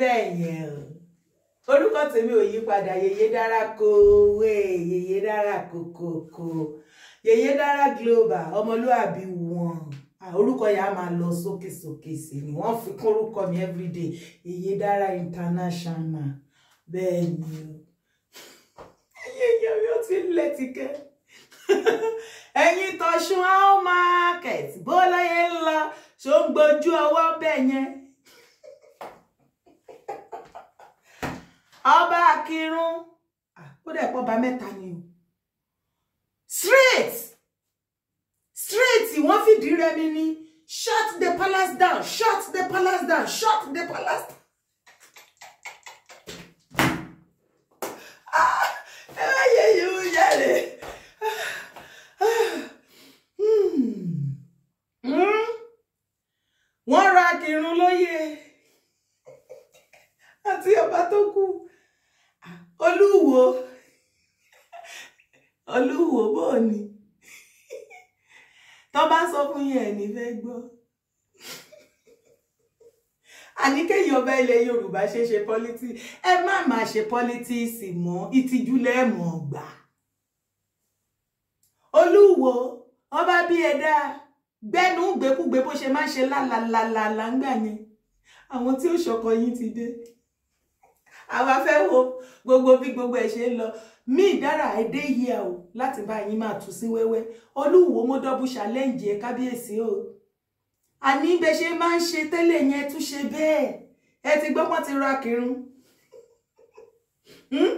bẹ́ẹ̀ yẹn o orúkọ tèmi ò yí padà yèyé dára kòwé yèyé dára kòkòkò yèyé dára global ọmọlúàbí wọn orúkọ yà á máa lọ sókè sókè sí ni wọ́n fi kún orúkọ mi everyday yèyé dára international bẹ́ẹ̀ ni o yèyé mi ò ti lẹ́tí kẹ́ ẹ̀yin tọ̀sùn how market bó lóye ń lọ ṣó ń gbójú ọwọ́ bẹ́ẹ̀ yẹn Akírun ó dẹ̀ pọ̀ ba mẹ́ta ni o straight straight wọ́n fìdí rẹmi ni shut the palace down shut the palace down shut the palace down. Ah, hmm. Hmm. wọ́n ra Akírun lóyè àti ọba tó kù olúwo olúwo bò ní tó bá sọ fún yẹn ẹni fẹ́ gbọ́ àní kéèyàn ọba ilẹ̀ yorùbá ṣe ṣe pọ́lítì ẹ má má ṣe pọ́lítíìsì mọ́ ìtìjú lẹ́ẹ̀mọ́ gbà olúwo ọba bí ẹ dáa gbẹ́nu bó ṣe má ṣe lálàlàlà ńgbà yẹn àwọn tí ó ṣọkọ yín ti dé a máa fẹ́ wo gbogbo bí gbogbo ẹ̀ ṣe ń lọ mí ìdára èdè yìí ẹ̀ o láti bá yín máa tú sí wẹ́wẹ́ olúwo mọ́dọ́bù ṣàlẹ́ǹjì ẹ̀ kábíyèsí o àní bẹ́ẹ̀ ṣe máa ń ṣe tẹ́lẹ̀ yẹn tún ṣe bẹ́ẹ̀ ẹ ti gbọ́ pọ́n ti ra kírun hmm?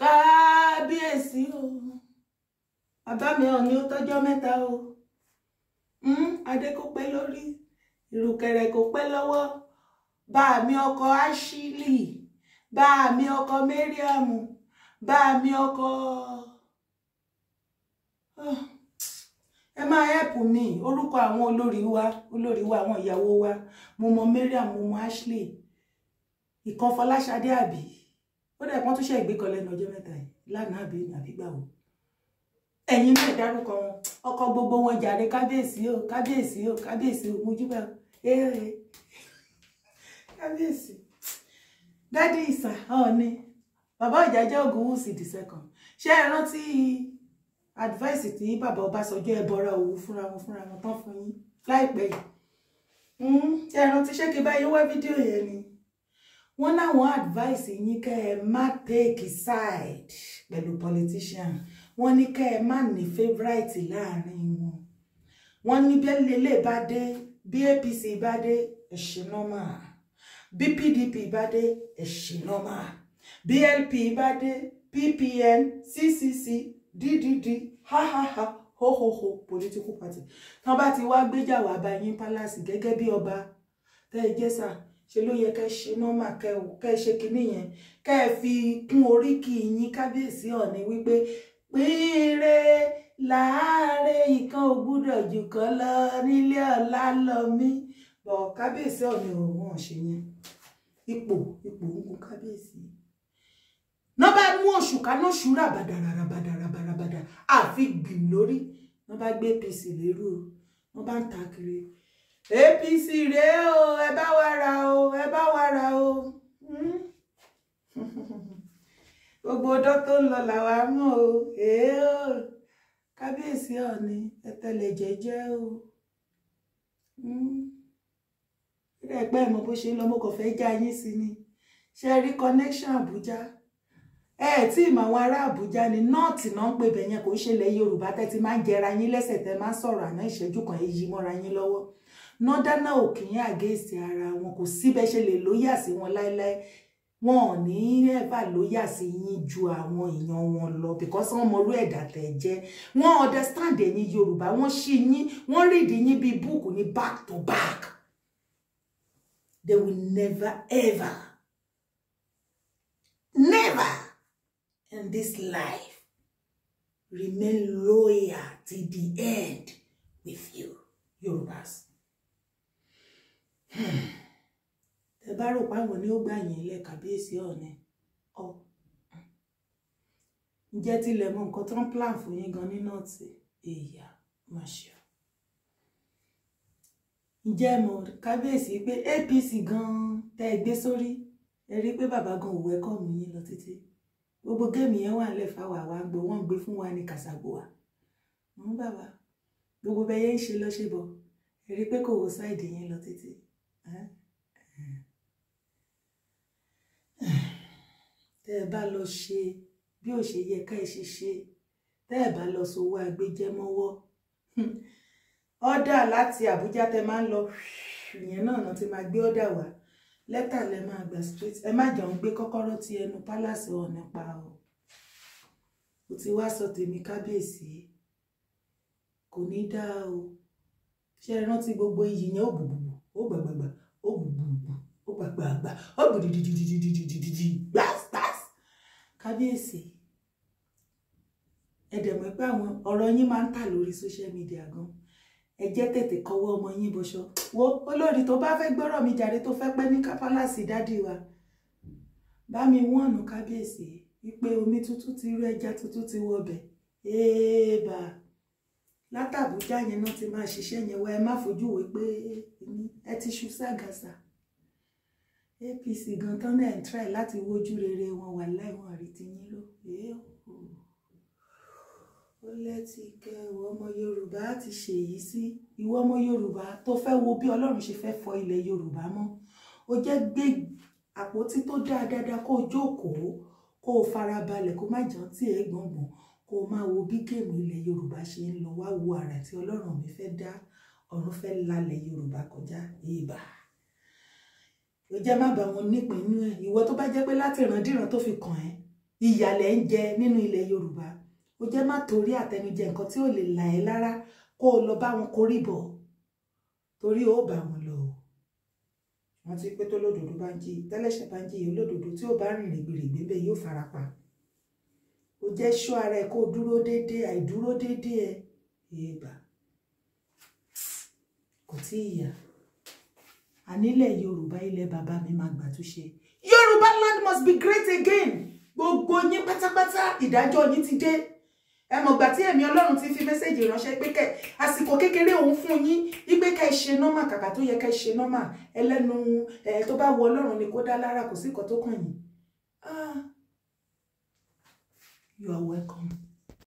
kábíyèsí o bàbá mi ò ní ó tọ́jọ́ mẹ́ta o hmm? adé kó pẹ́ lórí ìrùkẹ̀rẹ̀ kò pẹ́ lọ́wọ́ bá mi ọkọ áṣílì bá mi ọkọ mariam bá mi ọkọ ẹ máa hẹ́pù mi orúkọ àwọn olórí wa olórí wa àwọn ìyàwó wa mo mọ mariam mo mọ ashley ìkan fọláṣadé àbí ó dẹ̀ pọ́n tún ṣe ìgbékan lẹ́nu ọjọ́ mẹ́ta yìí lánàá àbí ní àbígbà wo ẹ̀yin náà dárúkọ wọn ọkọ gbogbo wọn jàre kábíyèsí o kábíyèsí o kábíyèsí o mo júbà eré kábíyèsí dádì honey. Baba bàbá Ìjàjá Ògúnwùsì the second ṣé ẹ rántí advice tí bàbá Ọbásanjọ́ ẹ bọra òwú fúnra wọn fúnra wọn tán fún yín láìpẹ́ yìí ṣé hmm, ẹ rántí ṣé kí báyìí video fídíò yẹn ni wọ́n láwọn advice yín kẹ́ ẹ take side pẹ̀lú politician wọ́n ní kẹ́ ẹ ni ní favourite láàrin wọn wọ́n ní bẹ́ẹ̀ lélẹ̀ bá bí APC bá dé ẹ ṣe nọ́mà bí PDP bá dé ẹ ṣe nọ́mà bí LP bá dé PPN CCC DDD hahaha hohoho political party tán bá ti wá gbéjà wà bá yín palace gẹ́gẹ́ bí ọba tẹ́ ẹ jẹ́ sáà ṣe ló yẹ kẹ ṣe nọ́mà kẹ ò kẹ ṣe kinní yẹn kẹ fi kún oríkì yín kábíyèsí ọ̀ní wípé pínre láàárẹ ìkan ò gbúdọ̀ jù kan lọ nílé ọlá lọ mí bọ̀ kábíyèsí ọ̀nà òun ọ̀ṣẹ́ yẹn ipò ipò ogun kábíyèsí náà bá mú oṣù kaná oṣù ràbàdàrà ràbàdàrà ràbàdà àfi gbìm lórí wọn bá gbé apc lérú o wọn bá ń ta kiri apc rèé o ẹ bá wa ra o ẹ bá wa ra o. gbogbo ọdọ́ tó ń lọ làwa mọ̀ o èé o kábíyèsí ọ̀ni ẹ̀tẹ̀lẹ̀ jẹ́jẹ́ o hmm. rẹ̀ pẹ́ mọ̀ bó ṣe ń lọ mo kàn fẹ́ já yín sí ni ṣe rí connection abuja. ẹ tí ìmọ̀ àwọn ará Àbújá ni nọ́ọ̀tì náà ń pè bẹ̀ yẹn kò ṣe ilẹ̀ Yorùbá tẹ́ ti máa ń jẹra yín lẹ́sẹ̀ tẹ́ máa ń sọ̀rọ̀ àná ìṣẹ́jú kan èyí mọ́ra yín lọ́wọ́ nọ́dánà òkè yín àgéèsì ara wọn kò síbẹ̀ ṣe lè lóyà sí wọn láéláé wọn ò ní ẹ̀fà ló yà sí yín ju àwọn èèyàn wọn lọ because wọn mọlú ẹ̀dà tẹ̀ jẹ́ wọn understand ẹ̀yin yorùbá wọn ṣí yín wọn read yín bíi búùkù ní back to back they will never ever never in this life remain loyal till the end with you yorùbás. Hmm bá rò páwọn ni ó gbà yín ilẹ̀ kábíyèsí ọ̀ọ́ni ọ ǹjẹ́ tilẹ̀ mọ nǹkan tó ń plan fún yín gan ní nọ́ọ̀tì èèyà má ṣe ǹjẹ́ mọ̀ kábíyèsí pé APC gan-an tẹ́ ẹ gbé sórí ẹ rí pé bàbá gan òwú ẹ̀kọ́ mi yín lọ títí gbogbo géèmì yẹn wà nílẹ̀ fáwọn àwa gbọ́ wọ́n gbé fún wa ní kàṣàgbò wa mú bàbá gbogbo bẹ́ẹ̀ yẹn ń ṣe lọ́ṣẹ̀bọ̀ ẹ rí pé kò wọ sáìdì yín lọ títí. ẹ bá lọ ṣe bí ò ṣe yẹ ká ẹ ṣe ṣe tẹ ẹ bá lọ sowó agbẹjẹ mọ́wọ́ ọdà láti Àbújá tẹ máa ń lọ ìyẹn náà náà ti máa gbé ọdà wá lẹ́tà lẹ máa gbà street ẹ má jẹun gbé kọ́kọ́rọ́ ti ẹnu pálàsì ọ̀nà pa o o ti wá sọ tèmi kábíyèsí kò ní dáa o ṣe é rántí gbogbo iyì yẹn ó bùbùbù ó gbàgbàgbà ó bùbùbù ó gbàgbàgbà ó bùdìdìdìdìdìdìdì gbàs kábíyèsí ẹ dẹ̀ mọ̀ pé àwọn ọ̀rọ̀ yín máa ń tà lórí social media gan ẹ jẹ́ tètè kọ́wọ́ ọmọ yín bọṣọ wo olórí tó bá fẹ́ gbọ́rọ̀ mi jàre tó fẹ́ pẹ́ ní kápálàsì dádì wa bá mi wọ́n ọ̀nà kábíyèsí wípé omi tuntun ti rú ẹja tuntun ti wọbẹ̀ èèbà látàbújá yẹn náà ti máa ṣiṣẹ́ yẹn wá ẹ má fojú wé pé ẹ ti ṣu ságàsà apc gan tán náà ń try láti wojú rere wọn wà láìwọ̀n rí ti yín ló eh, ó lẹ́tí kẹ́ ìwọ ọmọ yorùbá ti ṣèyí sí ìwọ ọmọ yorùbá tó fẹ́ wo bí ọlọ́run ṣe fẹ́ fọ ilẹ̀ yorùbá mọ́ ó jẹ́ gbé àpótí tó dáa dáadáa kó o jókòó kó o farabalẹ̀ kó má jẹun tí ẹ gbọ̀ngbọ̀n kó o máa wo bí géèmù ilẹ̀ yorùbá ṣe ń lọ wá wo àrà tí ọlọ́run mi fẹ́ dá ọ̀run fẹ́ lalẹ̀ yorùbá kọjá ìbà ló jẹ́ má bá wọn nípìn inú ẹ̀ ìwọ tó bá jẹ́ pé láti ìrandíran tó fi kàn ẹ́ ìyàlẹ̀ ń jẹ nínú ilẹ̀ Yorùbá ó jẹ́ má torí àtẹnujẹ nǹkan tí ò lè là ẹ́ lára kó o lọ bá wọn korí bọ̀ torí ó bá wọn lọ wọn ti pé tó lódodo bá ń jí tẹlẹsẹ bá ń jí olódodo tí ó bá rìn rìngbìrìngbìn bẹ́ẹ̀ yóò fara pa ó jẹ́ ṣọ́ ara ẹ̀ kó o dúró déédéé àìdúró déédéé ẹ̀ èèbà kò tí ì yà ànílẹ̀ yorùbá ilẹ̀ bàbá mi máa gbàtúnṣe yorùbá land must be great again gbogbo yín pátápátá ìdájọ́ yín ti dé ẹ mọ̀ gbà tí ẹ̀mí ọlọ́run ti fi mẹ́sẹ̀jì ránṣẹ́ pé kẹ àsìkò kékeré òun fún yín wípé ká ẹ ṣe nọ́mà kàkà tó yẹ ká ẹ ṣe nọ́mà ẹlẹ́nu ẹ tó bá wọ ọlọ́run ni kó dá lára kò sí nǹkan tó kàn yín ah, you are welcome.